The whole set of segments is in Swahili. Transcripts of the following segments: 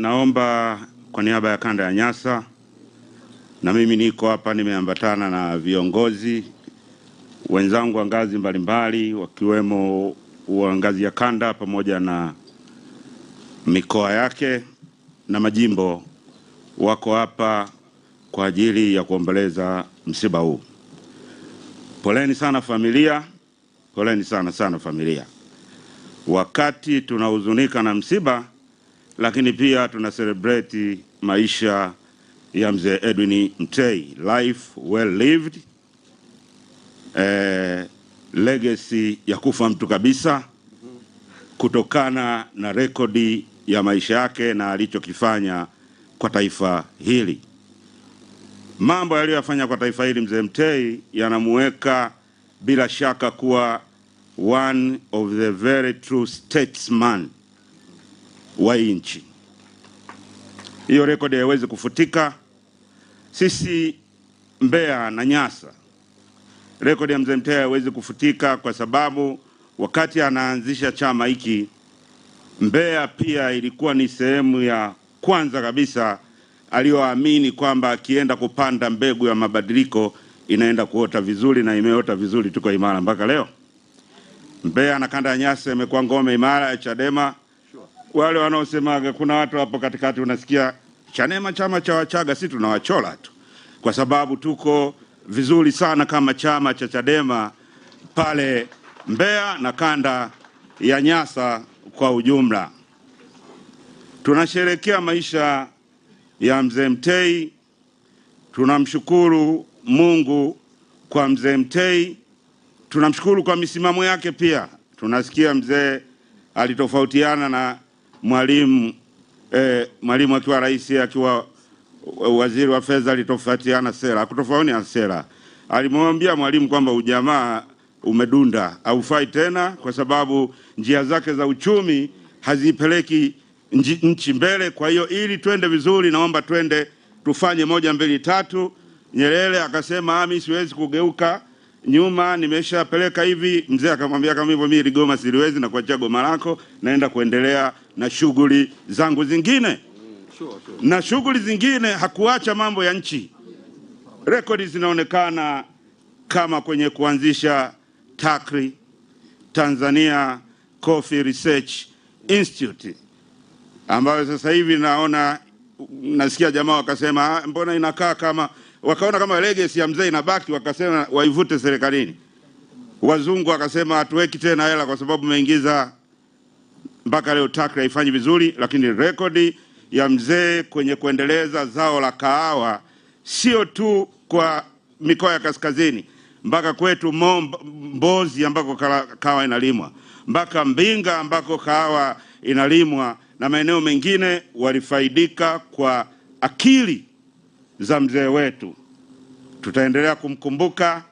Naomba kwa niaba ya kanda ya Nyasa, na mimi niko hapa nimeambatana na viongozi wenzangu wa ngazi mbalimbali wakiwemo wa ngazi ya kanda pamoja na mikoa yake na majimbo, wako hapa kwa ajili ya kuomboleza msiba huu. Poleni sana familia, poleni sana sana familia. Wakati tunahuzunika na msiba lakini pia tuna celebrate maisha ya mzee Edwin Mtei, life well lived, eh, legacy ya kufa mtu kabisa kutokana na rekodi ya maisha yake na alichokifanya kwa taifa hili. Mambo yaliyoyafanya kwa taifa hili mzee Mtei yanamuweka bila shaka kuwa one of the very true statesman wa nchi. Hiyo rekodi haiwezi kufutika. Sisi Mbeya na Nyasa, rekodi ya mzee Mteja haiwezi kufutika, kwa sababu wakati anaanzisha chama hiki Mbeya pia ilikuwa ni sehemu ya kwanza kabisa aliyoamini kwamba akienda kupanda mbegu ya mabadiliko inaenda kuota vizuri na imeota vizuri, tuko imara mpaka leo. Mbeya na kanda ya Nyasa imekuwa ngome imara ya Chadema wale wanaosemaga, kuna watu hapo katikati unasikia Chadema chama cha Wachaga, si tunawachola tu, kwa sababu tuko vizuri sana kama chama cha Chadema pale Mbeya na kanda ya Nyasa kwa ujumla. Tunasherekea maisha ya mzee Mtei, tunamshukuru Mungu kwa mzee Mtei, tunamshukuru kwa misimamo yake. Pia tunasikia mzee alitofautiana na mwalimu eh, mwalimu akiwa rais akiwa waziri wa fedha alitofautiana sera, hakutofautiana sera. Alimwambia mwalimu kwamba ujamaa umedunda, haufai tena, kwa sababu njia zake za uchumi hazipeleki nchi mbele. Kwa hiyo ili twende vizuri, naomba twende tufanye moja mbili tatu. Nyerere akasema, ami ah, siwezi kugeuka nyuma nimeshapeleka hivi. Mzee akamwambia kama hivyo, mimi Ligoma siliwezi na kuachia goma lako, naenda kuendelea na shughuli zangu zingine. Na shughuli zingine hakuacha mambo ya nchi. Rekodi zinaonekana kama kwenye kuanzisha takri Tanzania Coffee Research Institute, ambayo sasa hivi naona nasikia jamaa wakasema, ah, mbona inakaa kama wakaona kama legacy ya mzee inabaki, wakasema waivute serikalini. Wazungu wakasema hatuweki tena hela kwa sababu umeingiza mpaka leo TAKRA haifanyi vizuri, lakini rekodi ya mzee kwenye kuendeleza zao la kahawa sio tu kwa mikoa ya kaskazini mpaka kwetu Mbozi ambako kahawa inalimwa mpaka Mbinga ambako kahawa inalimwa na maeneo mengine, walifaidika kwa akili za mzee wetu. Tutaendelea kumkumbuka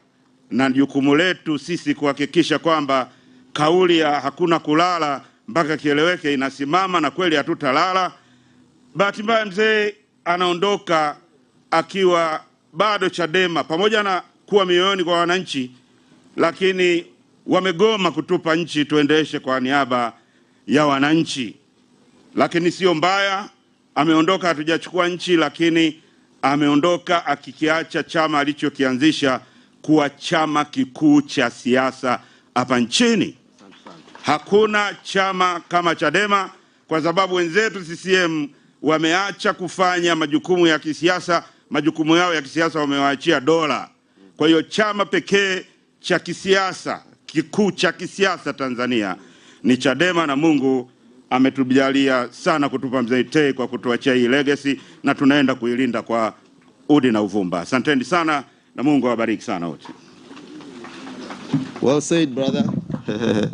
na jukumu letu sisi kuhakikisha kwamba kauli ya hakuna kulala mpaka kieleweke inasimama, na kweli hatutalala. Bahati mbaya mzee anaondoka akiwa bado Chadema, pamoja na kuwa mioyoni kwa wananchi, lakini wamegoma kutupa nchi tuendeshe kwa niaba ya wananchi. Lakini sio mbaya, ameondoka, hatujachukua nchi, lakini ameondoka akikiacha chama alichokianzisha kuwa chama kikuu cha siasa hapa nchini. Hakuna chama kama Chadema kwa sababu wenzetu CCM wameacha kufanya majukumu ya kisiasa, majukumu yao ya kisiasa wamewaachia dola. Kwa hiyo chama pekee cha kisiasa kikuu cha kisiasa Tanzania ni Chadema na Mungu ametujalia sana kutupa Mzeitei kwa kutuachia hii legacy na tunaenda kuilinda kwa udi na uvumba. Asanteni sana na Mungu awabariki sana wote. Well said brother.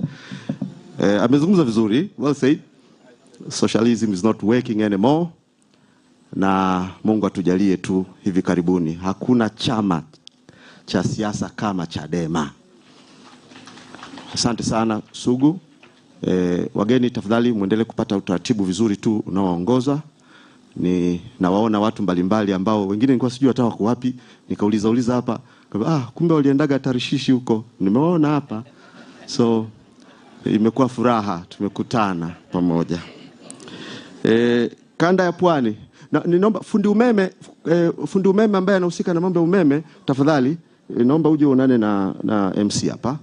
Eh, amezungumza vizuri. Well said. Socialism is not working anymore. Na Mungu atujalie tu hivi karibuni. Hakuna chama cha siasa kama Chadema. Asante sana Sugu. E, wageni tafadhali mwendelee kupata utaratibu vizuri tu unaoongoza. Ni nawaona watu mbalimbali mbali ambao wengine nilikuwa sijui hata wako wapi, nikauliza uliza hapa, ah, kumbe waliendaga Tarishishi huko, nimeona hapa. So imekuwa furaha tumekutana pamoja. E, kanda ya Pwani na, ninaomba fundi umeme e, fundi umeme ambaye anahusika na mambo ya umeme tafadhali, e, naomba uje uonane na, na MC hapa.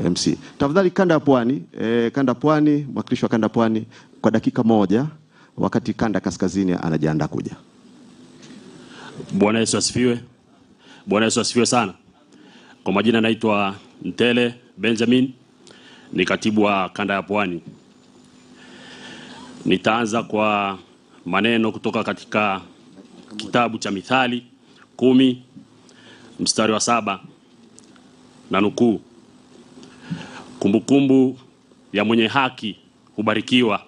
Eh, MC. Tafadhali kanda ya pwani e, kanda pwani, mwakilishi wa kanda pwani kwa dakika moja, wakati kanda kaskazini anajiandaa kuja. Bwana Yesu asifiwe. Bwana Yesu asifiwe sana. Kwa majina naitwa Mtele Benjamin, ni katibu wa kanda ya pwani. Nitaanza kwa maneno kutoka katika kitabu cha Mithali kumi mstari wa saba na nukuu Kumbukumbu ya mwenye haki hubarikiwa,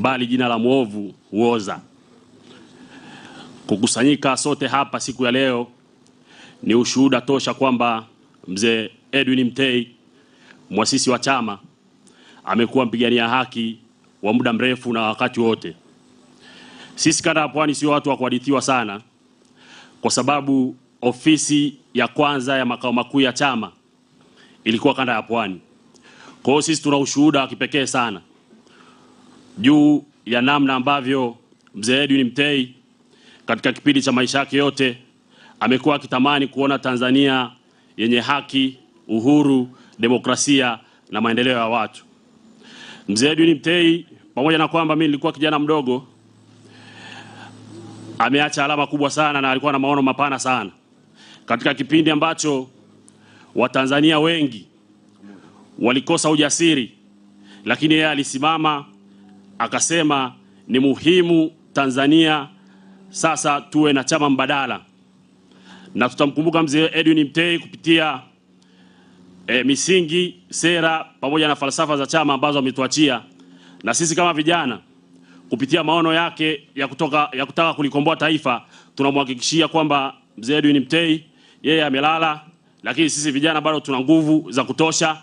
bali jina la mwovu huoza. Kukusanyika sote hapa siku ya leo ni ushuhuda tosha kwamba mzee Edwin Mtei, mwasisi wa chama, amekuwa mpigania haki wa muda mrefu na wakati wote. Sisi kanda ya Pwani sio watu wa kuhadithiwa sana, kwa sababu ofisi ya kwanza ya makao makuu ya chama ilikuwa kanda ya Pwani. Kwa hiyo sisi tuna ushuhuda wa kipekee sana juu ya namna ambavyo mzee Edwin Mtei katika kipindi cha maisha yake yote amekuwa akitamani kuona Tanzania yenye haki, uhuru, demokrasia na maendeleo ya watu. Mzee Edwin Mtei, pamoja na kwamba mimi nilikuwa kijana mdogo, ameacha alama kubwa sana na alikuwa na maono mapana sana katika kipindi ambacho Watanzania wengi walikosa ujasiri, lakini yeye alisimama akasema ni muhimu Tanzania sasa tuwe na chama mbadala, na tutamkumbuka mzee Edwin Mtei kupitia e, misingi, sera pamoja na falsafa za chama ambazo ametuachia, na sisi kama vijana kupitia maono yake ya, kutoka, ya kutaka kulikomboa taifa tunamhakikishia kwamba mzee Edwin Mtei yeye amelala lakini sisi vijana bado tuna nguvu za kutosha,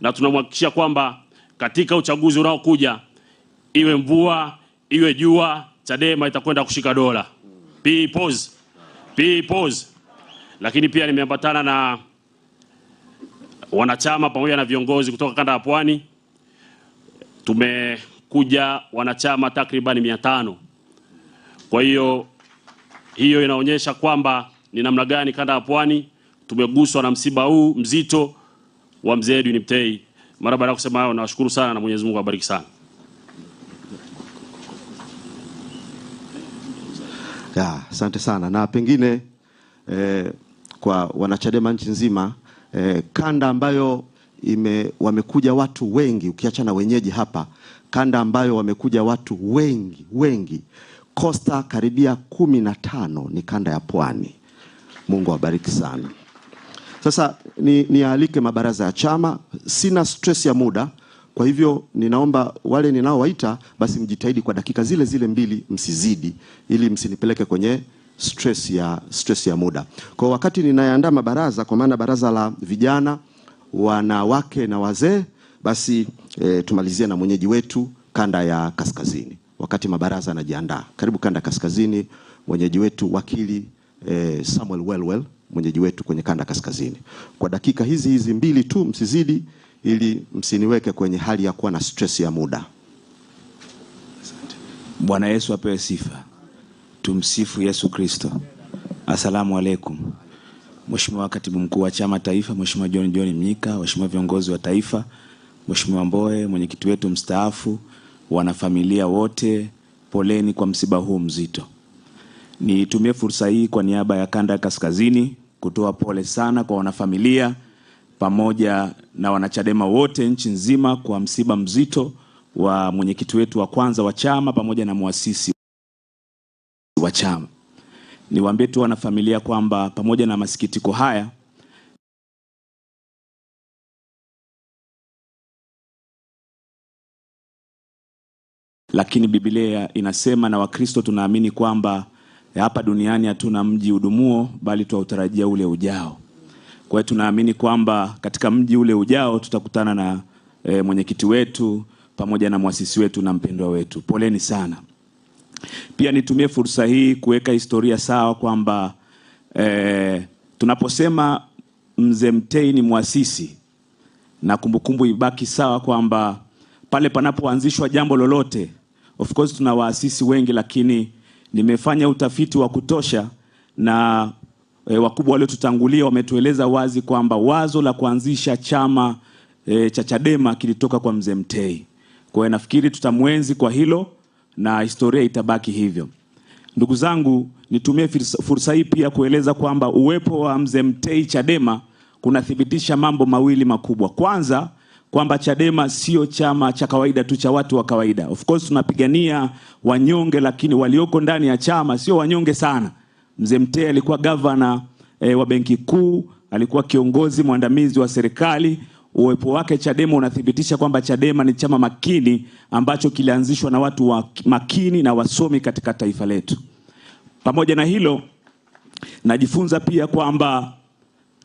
na tunamhakikishia kwamba katika uchaguzi unaokuja, iwe mvua iwe jua, Chadema itakwenda kushika dola. Peoples, peoples. Lakini pia nimeambatana na wanachama pamoja na viongozi kutoka kanda ya Pwani. Tumekuja wanachama takriban mia tano. Kwa hiyo hiyo inaonyesha kwamba ni namna gani kanda ya Pwani tumeguswa na msiba huu mzito wa mzee Edwin Mtei. Mara baada ya kusema hayo, nawashukuru sana na Mwenyezi Mungu awabariki sana. Asante sana na pengine eh, kwa wanachadema nchi nzima eh, kanda ambayo ime, wamekuja watu wengi ukiacha na wenyeji hapa, kanda ambayo wamekuja watu wengi wengi, Kosta karibia kumi na tano ni kanda ya Pwani. Mungu awabariki sana. Sasa nialike ni mabaraza ya chama, sina stress ya muda. Kwa hivyo ninaomba wale ninaowaita basi mjitahidi kwa dakika zile zile mbili, msizidi, ili msinipeleke kwenye stress ya, stress ya muda. Kwa wakati ninayaandaa mabaraza, kwa maana baraza la vijana, wanawake na wazee, basi e, tumalizie na mwenyeji wetu kanda ya kaskazini. Wakati mabaraza anajiandaa, karibu kanda ya kaskazini, mwenyeji wetu wakili e, Samuel -well mwenyeji wetu kwenye kanda kaskazini. Kwa dakika hizi hizi mbili tu msizidi, ili msiniweke kwenye hali ya kuwa na stress ya muda. Bwana Yesu apewe sifa. Tumsifu Yesu Kristo. Asalamu alaykum. Mheshimiwa Katibu Mkuu wa Chama Taifa, Mheshimiwa John John Mnyika, Mheshimiwa viongozi wa taifa, Mheshimiwa Mboe, mwenyekiti wetu mstaafu, wanafamilia wote, poleni kwa msiba huu mzito. Nitumie fursa hii kwa niaba ya kanda ya kaskazini kutoa pole sana kwa wanafamilia pamoja na wanachadema wote nchi nzima kwa msiba mzito wa mwenyekiti wetu wa kwanza wa chama pamoja na mwasisi wa chama. Niwaambie tu wanafamilia kwamba pamoja na masikitiko haya lakini Biblia inasema na Wakristo tunaamini kwamba E, hapa duniani hatuna mji udumuo, bali twautarajia ule ujao. Kwa hiyo tunaamini kwamba katika mji ule ujao tutakutana na e, mwenyekiti wetu pamoja na mwasisi wetu na mpendwa wetu. Poleni sana. Pia nitumie fursa hii kuweka historia sawa kwamba e, tunaposema mzee Mtei ni mwasisi na kumbukumbu ibaki sawa kwamba pale panapoanzishwa jambo lolote, of course tuna waasisi wengi lakini Nimefanya utafiti wa kutosha na e, wakubwa waliotutangulia wametueleza wazi kwamba wazo la kuanzisha chama e, cha Chadema kilitoka kwa mzee Mtei. Kwa hiyo nafikiri tutamwenzi kwa hilo na historia itabaki hivyo. Ndugu zangu, nitumie fursa hii pia kueleza kwamba uwepo wa mzee Mtei Chadema kunathibitisha mambo mawili makubwa. Kwanza, kwamba Chadema sio chama cha kawaida tu cha watu wa kawaida. Of course tunapigania wanyonge, lakini walioko ndani ya chama sio wanyonge sana. Mzee Mtee alikuwa gavana e, wa Benki Kuu, alikuwa kiongozi mwandamizi wa serikali. Uwepo wake Chadema unathibitisha kwamba Chadema ni chama makini ambacho kilianzishwa na watu wa makini na wasomi katika taifa letu. Pamoja na hilo, najifunza pia kwamba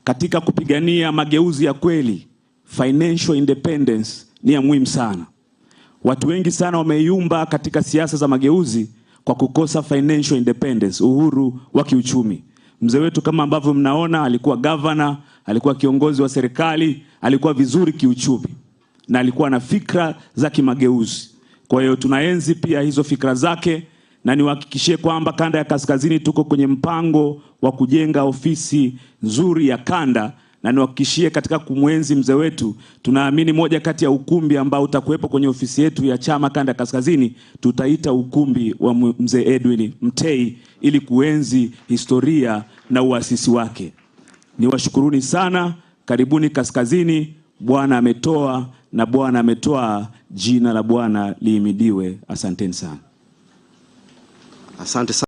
katika kupigania mageuzi ya kweli financial independence ni ya muhimu sana. Watu wengi sana wameyumba katika siasa za mageuzi kwa kukosa financial independence, uhuru wa kiuchumi. Mzee wetu kama ambavyo mnaona, alikuwa gavana, alikuwa kiongozi wa serikali, alikuwa vizuri kiuchumi na alikuwa na fikra za kimageuzi. Kwa hiyo tunaenzi pia hizo fikra zake, na niwahakikishie kwamba kanda ya kaskazini tuko kwenye mpango wa kujenga ofisi nzuri ya kanda na niwahakikishie katika kumwenzi mzee wetu, tunaamini moja kati ya ukumbi ambao utakuwepo kwenye ofisi yetu ya chama kanda ya kaskazini tutaita ukumbi wa mzee Edwin Mtei ili kuenzi historia na uasisi wake. Niwashukuruni sana, karibuni kaskazini. Bwana ametoa na Bwana ametoa, jina la Bwana liimidiwe. Asanteni sana, asante sana.